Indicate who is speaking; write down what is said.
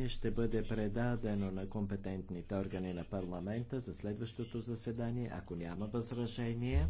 Speaker 1: решение ще бъде предадено на компетентните органи на парламента за следващото заседание, ако няма възражения.